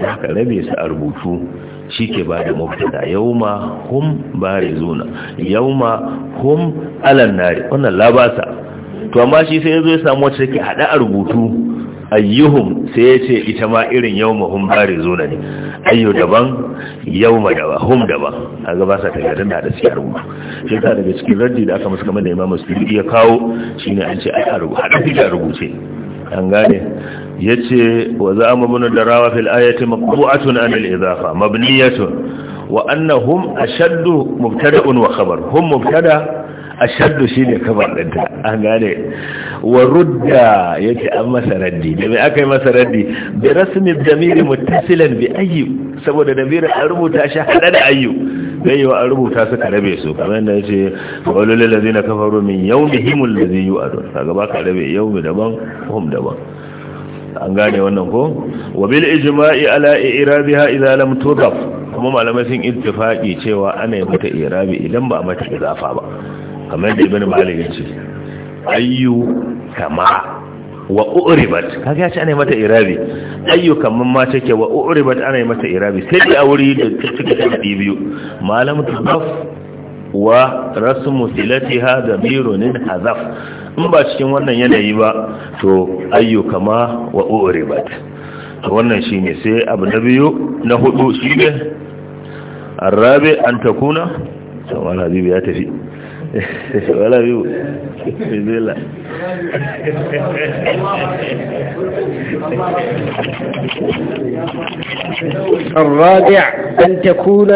da haka rabe su a rubutu shi ke ba da mafita yau ma hum bare zuna yau ma hum alan wannan labasa to amma shi sai ya zo ya samu wacce take hada a rubutu ayyuhum sai ya ce ita ma irin yau mahum bari zo ne ayyu daban yau ma daban hum daban a gaba sa ta gadin da suke rubutu shi ta daga cikin raddi da aka musu kamar da imamu su ya kawo shine an ce a hada take a rubuce an gane yace wa za mu mun da rawa fil ayati maqbu'atun an al idafa mabniyatun wa annahum ashaddu mubtada'un wa khabar hum mubtada' ashaddu shi ne kabar ɗinta an gane wa rudda ya ce an masa raddi da mai aka yi masa raddi bi rasmi damiri muttasilan bi ayyu saboda damiri an rubuta shi hada da ayyu zai yi wa an rubuta su ka rabe su kamar yadda ya ce ladina na kafaru min yawmihim alladhi yu'adu lazi kaga ba ka rabe yau daban hum daban an gane wannan ko wa bil ijma'i ala i'rabiha idza lam tudaf kuma malamai sun ittifaqi cewa ana yi mata i'rabi idan ba mata izafa ba kamar da ibn malik ya ce ayyu kama wa uribat kaga yace ce ana mata irabi ayyu kaman ma take wa uribat ana mata irabi sai a wuri da take da biyu malam tudaf wa rasmu silatiha damirun hazaf in ba cikin wannan yanayi ba to ayyu kama wa uribat to wannan shine sai abu na biyu na hudu shine arabi an takuna to wala habibi ya tafi wala biyu bismillah الرابع أن تكون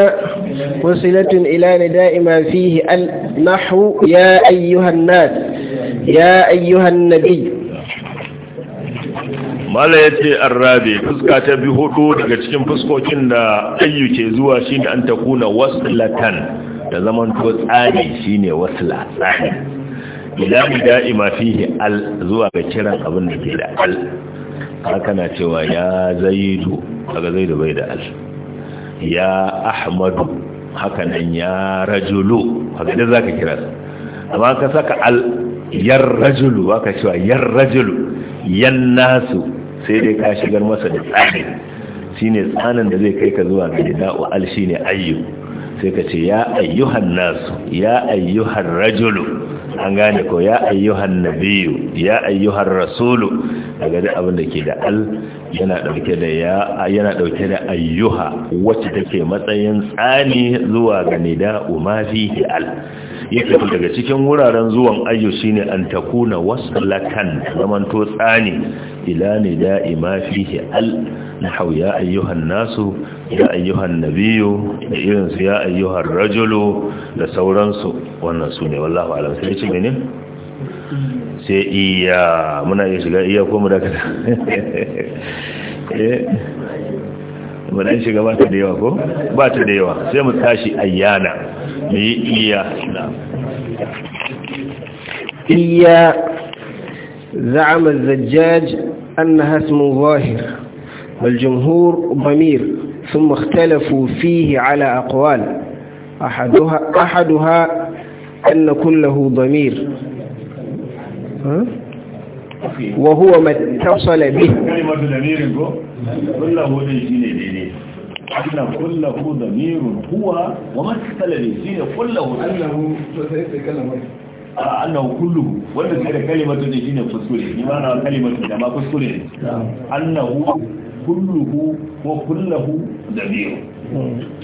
وصلة إلى نداء ما فيه النحو يا أيها الناس يا أيها النبي mala ya ce an rabe fuska ta bi hudu daga cikin fuskokin da ayyu zuwa shi da an takuna latan. da zaman to tsari ne wasla latsari idan da'ima fihi al zuwa ga kiran abin da ke da al haka na cewa ya zaidu daga zaidu bai da al ya ahmadu haka nan ya rajulu haka da ka kira amma ka saka al yar rajulu ka cewa yar rajulu yan nasu sai dai ka shigar masa da tsari Shi ne tsanin da zai kai ka zuwa ga da'u al shi ne ayyu sai ka ce ya ayyuhan nasu ya ayyuhan rajulu an gane ko ya ayyuhan nabiyu ya ayyuhan rasulu daga duk abin da ke da al yana dauke da ya yana dauke da ayyuha wacce take matsayin tsani zuwa ga nida umma fihi al yake daga cikin wuraren zuwan ayyu shine an takuna waslatan zamanto tsani ila nida ima fihi al nahau ya ayyuhan nasu ya ayyuhan nabiyu da irinsu ya ayyuhan rajulu da sauransu wannan su ne wallahu alam sai ci ne sai iya muna iya shiga iya ko mu dakata mu dan shiga ba ta da yawa ko ba ta da yawa sai mu tashi ayyana mu yi iya iya za'ama zajjaj annaha ismu zahir والجمهور ضمير ثم اختلفوا فيه على أقوال أحدها, أحدها أن كله ضمير وهو ما اتصل به كلمة ضمير كله أن كله ضمير هو وما اتصل به كله أنه آه، أنه كله kulluhu كلمة sai da kalimatu كلمة shine kuskure نعم. أنه وكله وكله ذبيح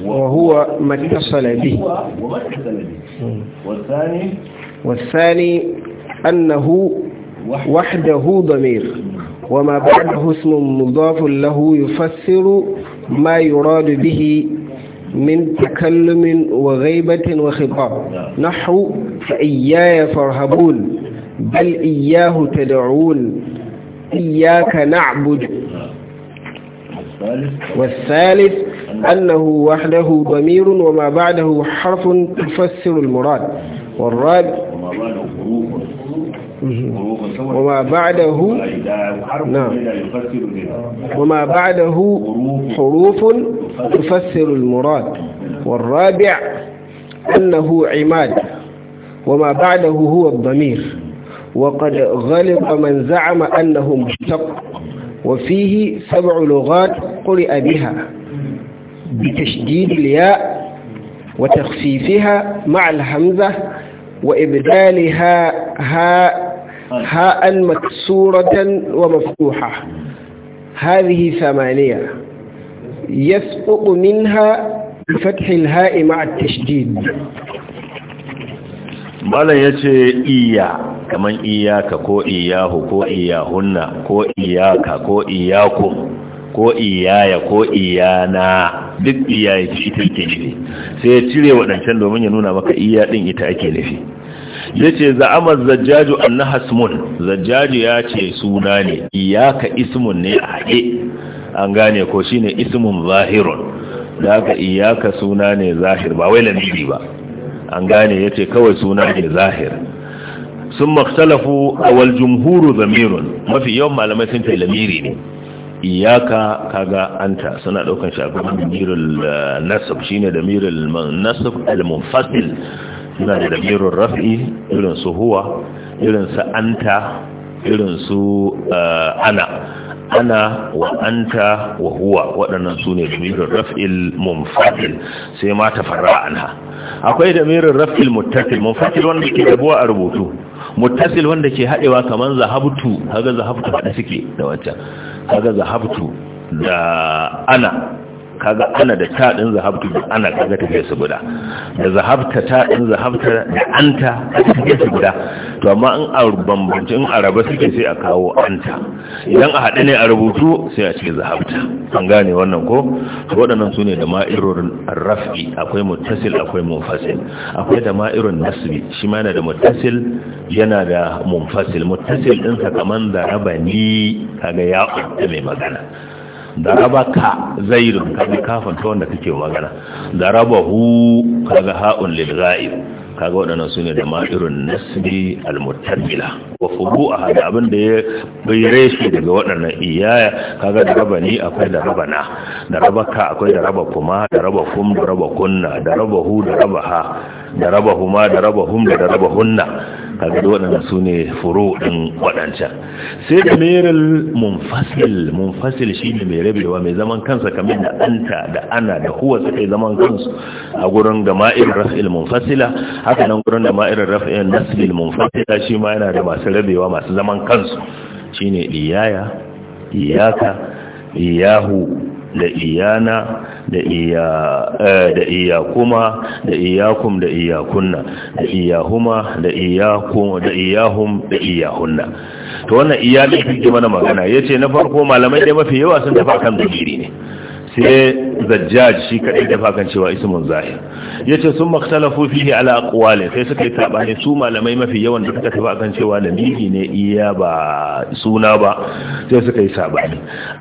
وهو ما اتصل به وما اتصل به والثاني والثاني أنه وحده ضمير وما بعده اسم مضاف له يفسر ما يراد به من تكلم وغيبة وخطاب نعم. نحو فإياي فارهبون بل إياه تدعون إياك نعبد نعم. والثالث أنه وحده ضمير وما بعده حرف تفسر المراد والرابع وما بعده نعم وما بعده حروف تفسر المراد والرابع أنه عماد وما بعده هو الضمير وقد غلط من زعم أنه مشتق وفيه سبع لغات قرئ بها بتشديد الياء وتخفيفها مع الهمزة وإبدالها هاء هاء مكسورة ومفتوحة هذه ثمانية يسقط منها بفتح الهاء مع التشديد malam ya ce iya kamar iyaka ko iyahu ko iyahunna ko iyaka ko ko iyaya ko iyana duk iyaya ce ita ke nufi sai ya cire waɗancan domin ya nuna maka iya ɗin ita ake nufi ya ce za'amar zajjaju an na hasmun zajjaju ya ce suna ne iyaka ismun ne a haɗe an gane ko shine ismun zahirun da haka iyaka suna ne zahir ba wai lamiri ba an gane ya ce kawai suna ne zahir sun maktalafu a wal jumhuru zamirun mafi yawan malamai sun ce lamiri ne iyaka kaga anta suna daukan shi a gaban damirul eh, nasab shine damirul nasab al-munfasil suna da damirul raf'i irin su huwa irin su anta irin su eh, ana ana wa anta wa huwa waɗannan su ne damirul raf'il munfasil sai ma tafarra anha akwai da mirin rafil muttasil munfasil wanda ke dabuwa a rubutu muttasil wanda ke haɗewa kaman zahabtu kaga zahabtu da suke da wancan kaga zahabtu da ana kaga ana da ta din zahabtu da ana kaga tafiya su guda da zahabta ta din zahabta da anta tafiya su guda to amma in a bambance in a raba suke sai a kawo anta idan a haɗe ne a rubutu sai a ce zahabta an gane wannan ko to waɗannan su ne da ma'irorin rafi akwai muttasil akwai munfasil akwai da ma'irin nasbi shi ma yana da muttasil yana da munfasil muttasil ɗinsa kaman da raba ni kaga ya ta mai magana darabaka ka zairin kafan ta wanda kake magana hu kaga ha'un lil kaga waɗannan su ne da ma'irin nasbi al-mutabila wa fubu hada abin da ya bayire shi daga waɗannan iyaya kaga da raba ni akwai da na da ka akwai da kuma da raba kum da kunna da raba hu da ha Daraba raba huma da raba hum da raba hunna kaga da waɗannan su ne furo ɗin waɗancan sai da meril munfasil munfasil shi ne mai rabewa mai zaman kansa kamar da anta da ana da huwa suka yi zaman kansu a gurin da ma'ir raf'il munfasila haka nan gurin da ma'ir raf'il nasil munfasila shi ma yana da masu rabewa masu zaman kansu shine iyaya iyaka iyahu da iyana da iya eh, kuma da iyakum da iyakunna da iyahuma da iyakum da iyahum da iyahunna to wannan iya fi kike mana magana yace na farko malamai dai mafi yawa sun tafi kan zikiri ne sai zajjaj shi kaɗai da fakan cewa ismun zahir ya ce sun makhtalafu fihi ala aqwali sai suka yi tabani su malamai mafi yawan da suka tafi akan cewa lamiri ne iya ba suna ba sai suka yi sabani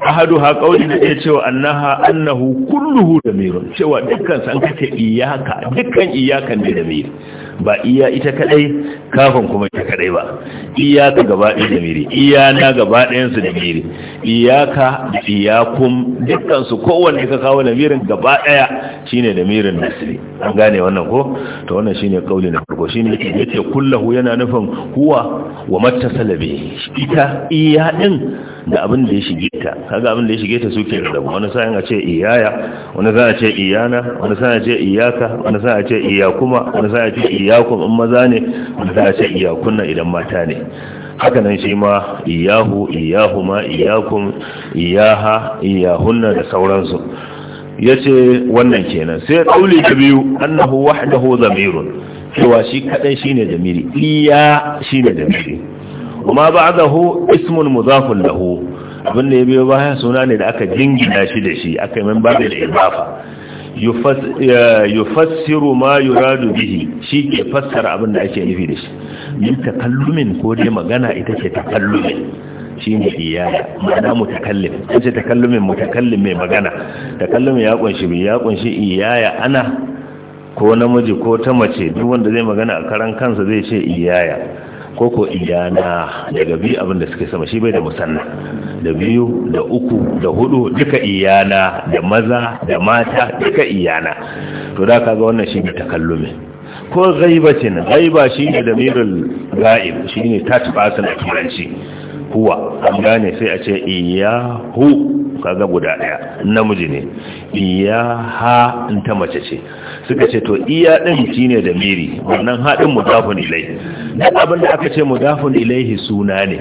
ahadu ha qauli da ya cewa annaha annahu kulluhu damirun cewa dukkan san iyaka dukkan iyakan da damir ba iya ita kadai kafin kuma ita kadai ba iyaka gaba ɗaya da miri na gaba ɗayan su da miri ka da iyakum dukkan su kowanne ka kawo da mirin gaba ɗaya shine da mirin nasiri. an gane wannan ko to wannan shine kauli na farko shine yace kullahu yana nufin huwa wa mattasala ita iya din da abin da ya shige ta kaga abin da ya shige ta suke da rabu wani sa'in a ce iyaya wani sa'in a ce iyana wani sa'in a ce iyaka wani sa'in a ce iyakuma wani sa'in a ce iyakun in maza ne za a ce idan mata ne haka nan shi ma iyahu iyahuma iyakum iyaha iyahunna da sauransu yace wannan kenan sai kauli ta biyu annahu wahdahu zamirun cewa shi kadai shine zamiri iya shine zamiri kuma ba'dahu ismun mudafun lahu abin ya biyo baya suna ne da aka jingina shi da shi aka yi min da idafa yufassiru ma yuradu bihi shi ke fassara abin da ake nufi da shi min takallumin ko dai magana ita ce takallumin shi ne iyaya ma'ana mutakallim ita ce takallumin mutakallim mai magana takallumin ya kunshi bi ya kunshi iyaya ana ko namiji ko ta mace duk wanda zai magana a karan kansa zai ce iyaya koko ko iyana daga biyu abin da suke sama shi bai da musanna da biyu da uku da hudu duka iyana da maza da mata duka iyana to da kaga wannan shi ne takallumi ko ghaibatin ghaiba shine damirul ghaib shine ta person a turanci huwa an gane sai a ce iya hu, kaga guda daya namiji ne ha in ta mace ce suka ce to iya din shine da miri wannan haɗin mudafun ilaihi duk abin da aka ce mudafun ilaihi suna ne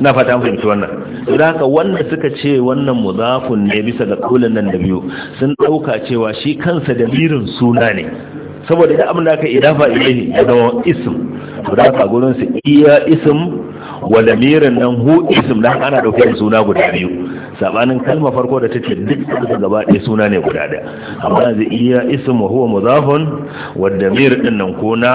na fata an fahimci wannan to da haka wanda suka ce wannan mudafun ne bisa ga kaulan nan da biyu sun ɗauka cewa shi kansa da mirin suna ne saboda da abin da aka idafa ilaihi ya zama ism to da haka gurin su iya ism wa lamirin nan hu ism da ana ɗauke da suna guda biyu sabanin kalma farko da take duk da gaba ɗaya suna ne guda ɗaya amma zai iya ismu huwa muzafun wadda mir din nan ko na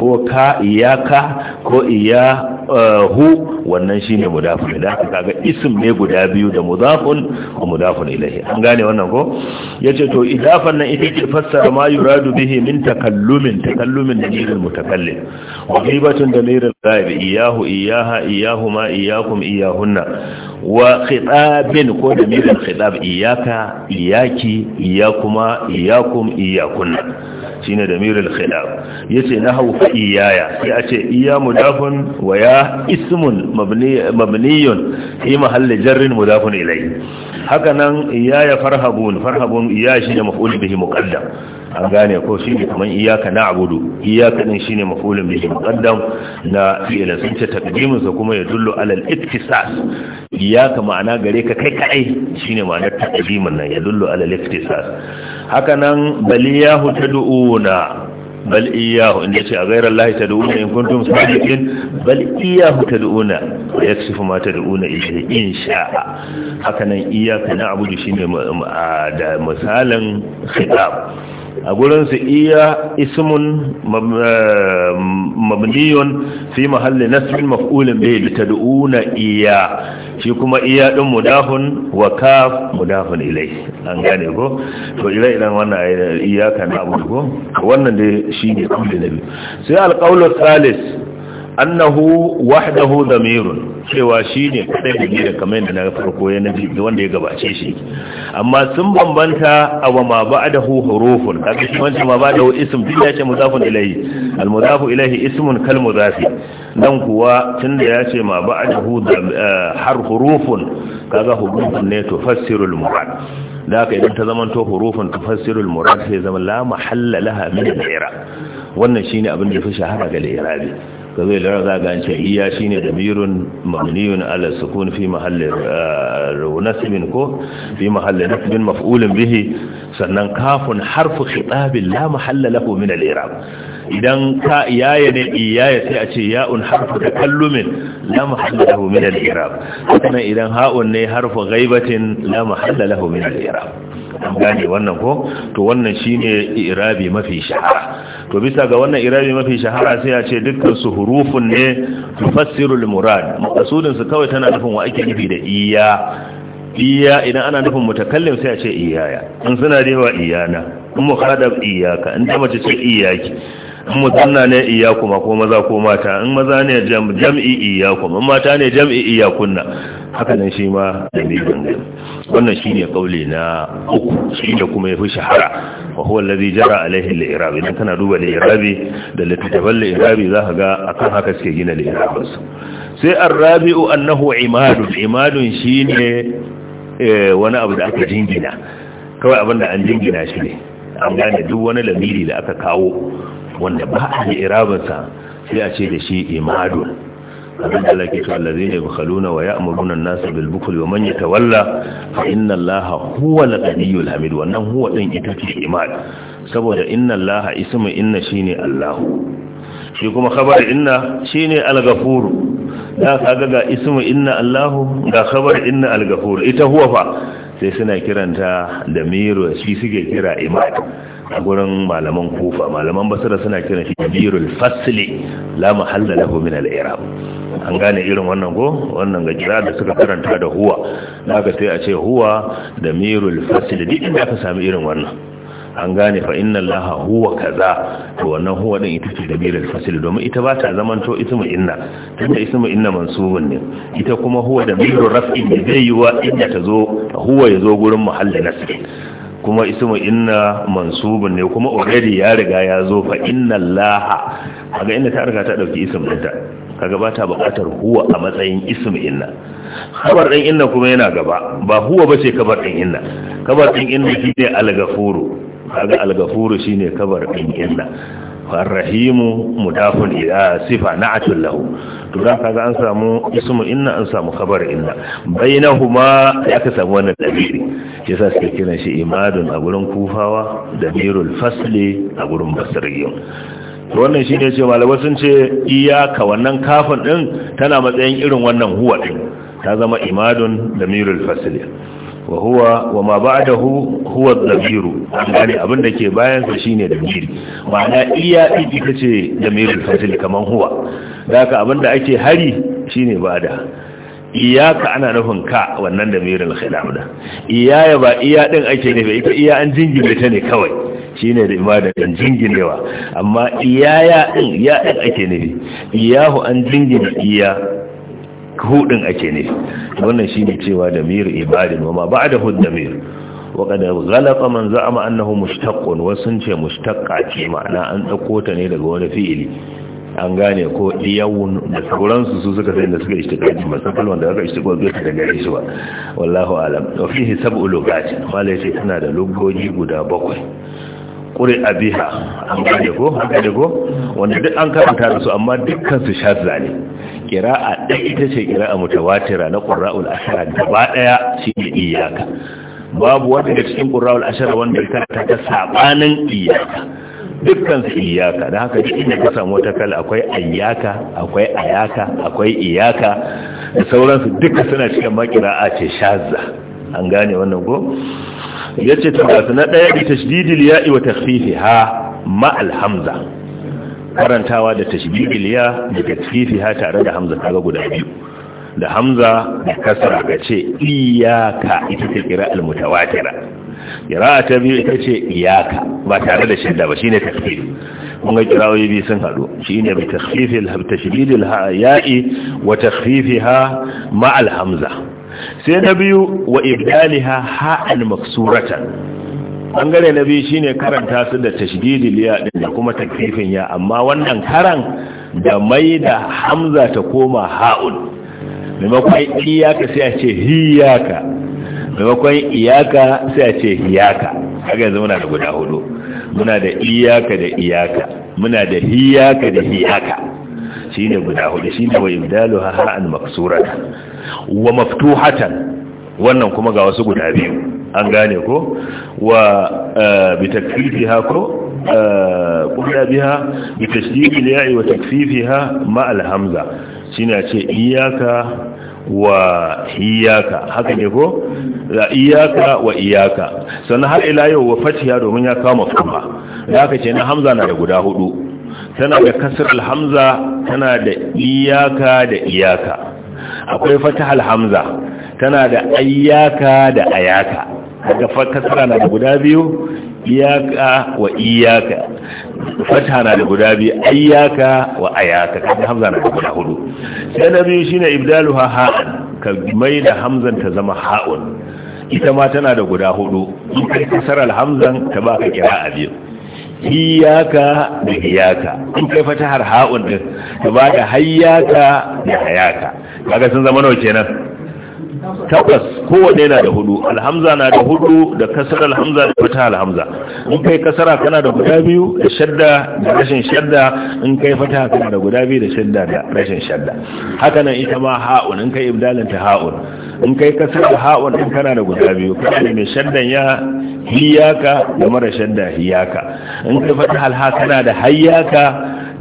ko ka iyaka ko iya uh, hu wannan shine mudafun da aka kaga isin ne guda biyu da muzafun, wa mudafun ilaihi an gane wannan ko yace to idafan nan ita ce fassara ma yuradu bihi min takallumin takallumin da jirin mutakallim wa ghibatun da lirin ghaibi iyahu iyaha iyahu ma iyakum iyahunna wa khitabin ko da mirin khitab iyaka iyaki iyakuma iyakum iyakunna shine da mirin khitab yace na haufa iyaya sai a ce iya mudafun wa ya ismun mabniyun fi mahalli jarrin mudafun ilai haka nan iyaya farhabun farhabun iya shine maf'ul bihi muqaddam an gane ko shi ne kamar iyaka na abudu iyaka din shi ne mafulin bihi muqaddam na fi'ilin sun ce taqdimin su kuma ya dullo alal ittisas iyaka ma'ana gare ka kai kai ne ma'anar taqdimin nan ya dullu alal ittisas haka nan baliyahu tad'una bal iyahu inda ce a gairar lahi ta da'una in kuntum sadiqin bal iyahu ta da'una ya yaksifu ma ta da'una ilai in sha'a haka nan iyaka na abudu shine da misalan khitab a gurinsu iya ismun eh, mabniyon fi mahalli nasbin maf'ulin ta tad'una iya shi kuma iya ɗin mudahun wa ka mudahun ilai an gane ko to ire idan wannan iyaka na abu ko wannan dai shi ne kullu nabi sai alqawlu salis annahu wahdahu damirun cewa shine kadai da gida kamar yadda na farko ya nabi wanda ya gabace shi amma sun bambanta aw ma ba'dahu hurufun kaga shi wanda ma ba'dahu ism bi ya ce mudafun ilayhi al mudafu ilayhi ismun kal mudafi dan kuwa tunda ya ce ma ba'dahu eh, har hurufun kaga hurufun ne tufassiru al murad da haka idan ta zamanto hurufun tufassiru al murad sai zama la mahalla laha min al-i'rab wannan shine abin da ya fi shahara ga al-i'rabi ka zai lura za ga an ce iya shi ne damirun mabniyun ala sukun fi mahallin nasibin ko fi mahallin nasibin maf'ulin bihi sannan kafun harfu shiɗabin, la mahalla lahu min al-i'rab idan ka iyaya ne iyaya sai a ce ya'un harfu takallumin la mahalla lahu min al-i'rab sannan idan ha'un ne harfu ghaibatin la mahalla lahu min al-i'rab an gane wannan ko to wannan shine irabi mafi shahara to bisa ga wannan irabi mafi shahara sai ya ce dukkan su hurufun ne tufassirul murad maqsudin su kawai tana nufin wa ake nufi da iya iya idan ana nufin mutakallim sai ya ce iyaya in suna da yawa iyana in mukhadab iyaka in ta mace ce iyaki in mutanna ne iyakuma ko maza ko mata in maza ne jam'i iyakuma in mata ne jam'i iyakunna haka nan shi ma da mai gangan wannan shi ne kauli na uku shi da kuma ya fi shahara wa huwa allazi jara alaihi al-i'rab idan kana duba al-i'rabi da littafin al-i'rabi zaka ga akan haka suke gina al sai ar-rabi'u annahu imadun imadun shine eh, wani abu da aka jingina kawai abin da an jingina shi ne an gane duk wani lamiri da aka kawo wanda ba a yi irabinsa sai a ce da shi imadun abin da Allah ke cewa allazina yabkhaluna wa ya'muruna an-nasa bil wa manya ta walla. fa inna Allaha huwa al-ghaniyyul hamid wannan huwa ɗin ita ce iman saboda inna Allaha ismu inna shine Allah shi kuma khabar inna shi ne ghafur da ka ga ga ismu inna Allahu ga khabar inna al ita huwa fa sai suna kiranta da miro shi suke kira iman a gurin malaman kufa malaman basira suna kiran shi birul fasli la mahalla lahu min al-i'rab an gane irin wannan go wannan ga kira da suka karanta da huwa da aka sai a ce huwa da mirul fasil duk inda aka sami irin wannan an gane fa inna allaha huwa kaza to wannan huwa din ita ce da mirul fasil domin ita ba ta zaman to ismu inna tunda ismu inna mansubun ne ita kuma huwa da mirul raf'i da zai wa inda ta zo huwa ya zo gurin muhalli nasri kuma ismu inna mansubun ne kuma already ya riga ya zo fa inna allaha kaga inda ta riga ta dauki ismu ɗinta kaga ba ta buƙatar huwa a matsayin ism inna kabar ɗin inna kuma yana gaba ba huwa ba ce kabar ɗin inna kabar ɗin inna shi ne algafuru kaga algafuru shi ne kabar ɗin inna rahimu mudafun ila sifa na'atul lahu to kaga an samu ismu inna an samu kabar inna bainahuma ya aka samu wannan dabiri shi sa suke kiran shi imadun a gurin kufawa damirul fasli a gurin basriyun to wannan shi ne ce malamai sun ce iyaka wannan kafin ɗin tana matsayin irin wannan huwa ɗin. ta zama imadun da mirul fasili wa huwa wa ma ba'dahu huwa dhabiru abin da ke bayan sa shine dhamiri ma'ana iya ita ce dhamirul fasili kaman huwa da haka abin da ake hari shine ba'da iyaka ana nufin ka wannan da mirin khilaf da ya ba iya din ake nufi ita iya an jingine ta ne kawai shine da ibada da jinginewa amma ya din ya din ake nufi iyahu an jingine iya hu din ake nufi wannan shine cewa da mir ibadin wa ma ba'dahu damir وقد غلط من زعم انه مشتق وسنce mushtaqa ce ma'ana an dauko ta ne daga wani fi'ili an gane ko iyawun da sauransu su suka sai da suka ishtiqaqi ba sai kalman da aka ishtiqaqi ta daga shi ba wallahu alam wa fihi sab'u lugat wala yace tana da lugoji guda bakwai ƙuri abiha an gane ko An gane ko wanda duk an karanta da su amma dukkan su shazza ne kira'a da ita ce kira'a mutawatira na ƙura'ul ashara gaba ɗaya shi ne iyaka babu wanda da cikin ƙura'ul ashara wanda ya karanta ta saɓanin iyaka dukkan iyaka da haka shi ne kusan wata kal akwai ayyaka akwai ayaka akwai iyaka da sauransu duka suna cikin makira'a ce shazza an gane wannan ko yace tabbata na daya da tashdidil ya'i wa ha ma al hamza karantawa da tashdidil ya da ha tare da hamza kaga guda biyu da hamza da kasra ka ce iyaka ita ce kira almutawatira kira ta biyu ita ce iyaka ba tare da shidda ba shine takfir kun ga kirawoyi biyu sun hadu shine bi takhfifil tashbidil ya'i wa takhfifiha ma al hamza sai na biyu wa ibdaliha ha al maksuratan bangare na biyu shine karanta su da tashdidil ya din da kuma takfifin ya amma wannan karan da mai da hamza ta koma ha'un maimakon iyaka sai a ce hiyaka maimakon iyaka sai a ce hiyaka haka yanzu muna da guda hudu muna da iyaka da iyaka muna da hiyaka da hiyaka Shi ne guda hudu Shi ne wa ibdalu ha ha'an maksuratan wa maftuhatan wannan kuma ga wasu guda biyu an gane ko wa eh, bitakfifi ha ko kuma eh, biha bi liya'i wa takfifi wa takfifiha ma alhamza. shine a ce iyaka wa iyaka haka ne ko la iyaka wa iyaka sannan har ila yau wa fatiha domin ya kama kuma. da ce na hamza na da guda hudu tana da kasar alhamza tana da iyaka da iyaka akwai fatah alhamza tana da ayyaka da ayaka ga kasara na da guda biyu iyaka wa iyaka fatha na da guda biyu ayyaka wa ayyaka kan hamza na da guda hudu sai na biyu shine ibdaluha ha ka mai da hamzan ta zama ha'un ita ma tana da guda hudu in kai kasarar hamzan ta baka kira a biyu hiyaka da hiyaka in kai fatahar ha'un din ta baka hayyaka da hayaka kaga sun zama nawa kenan takwas kowanne yana da hudu alhamza na da hudu da kasar alhamza da fita alhamza in kai kasara kana da guda biyu da shadda da rashin shadda in kai fata kana da guda biyu da shadda da rashin shadda haka nan ita ma ha'un in kai ibdalin ta ha'un in kai kasar da ha'un in kana da guda biyu kana da mai shaddan ya hiyaka da mara shadda hiyaka in kai fata alha kana da hayyaka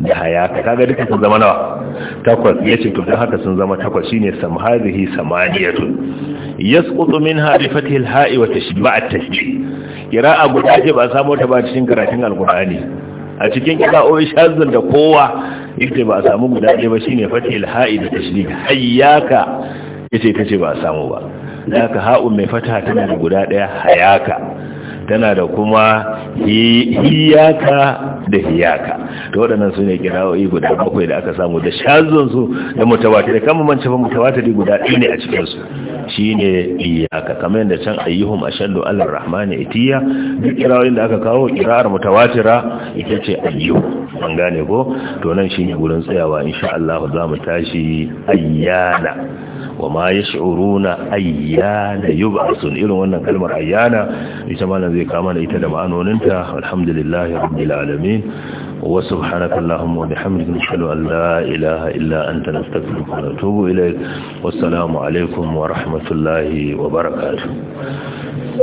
da hayaka kaga duka ta zama nawa takwas ya ce to don haka sun zama takwas shine samhadihi samaniyatun tsutsu min haɗi fatihil ha'i ba a at Kira a guda ce ba samu ta ba cikin karatun alqur'ani a cikin qira'o'i shazin da kowa ce ba a samu guda ce ba shine fatihil ha'i da tashi hayyaka ita ce ba a samu ba Za ka ha'un mai fataha ta guda ɗaya hayaka tana da kuma hiyaka da hiyaka to waɗannan su ne kirawoyi guda bakwai da aka samu da shazonsu da da kama manci mutawata da guda ɗaya ne a cikinsu shi ne hiyaka kamar yadda can ayyuhum ashaddu alar rahmani itiya duk kirawoyin da aka kawo kira'ar mutawatira ita ce ayyu an gane ko to nan shine ne gurin tsayawa insha Allah za mu tashi ayyana wa ma yash'uruna ayyana sun irin wannan kalmar ayyana ita ma zai kama da ita da ma'anoninta alhamdulillahi rabbil alamin wa subhanaka allahumma wa bihamdika nashhadu an la ilaha illa anta nastaghfiruka wa natubu ilayk wassalamu alaikum wa rahmatullahi wa barakatuh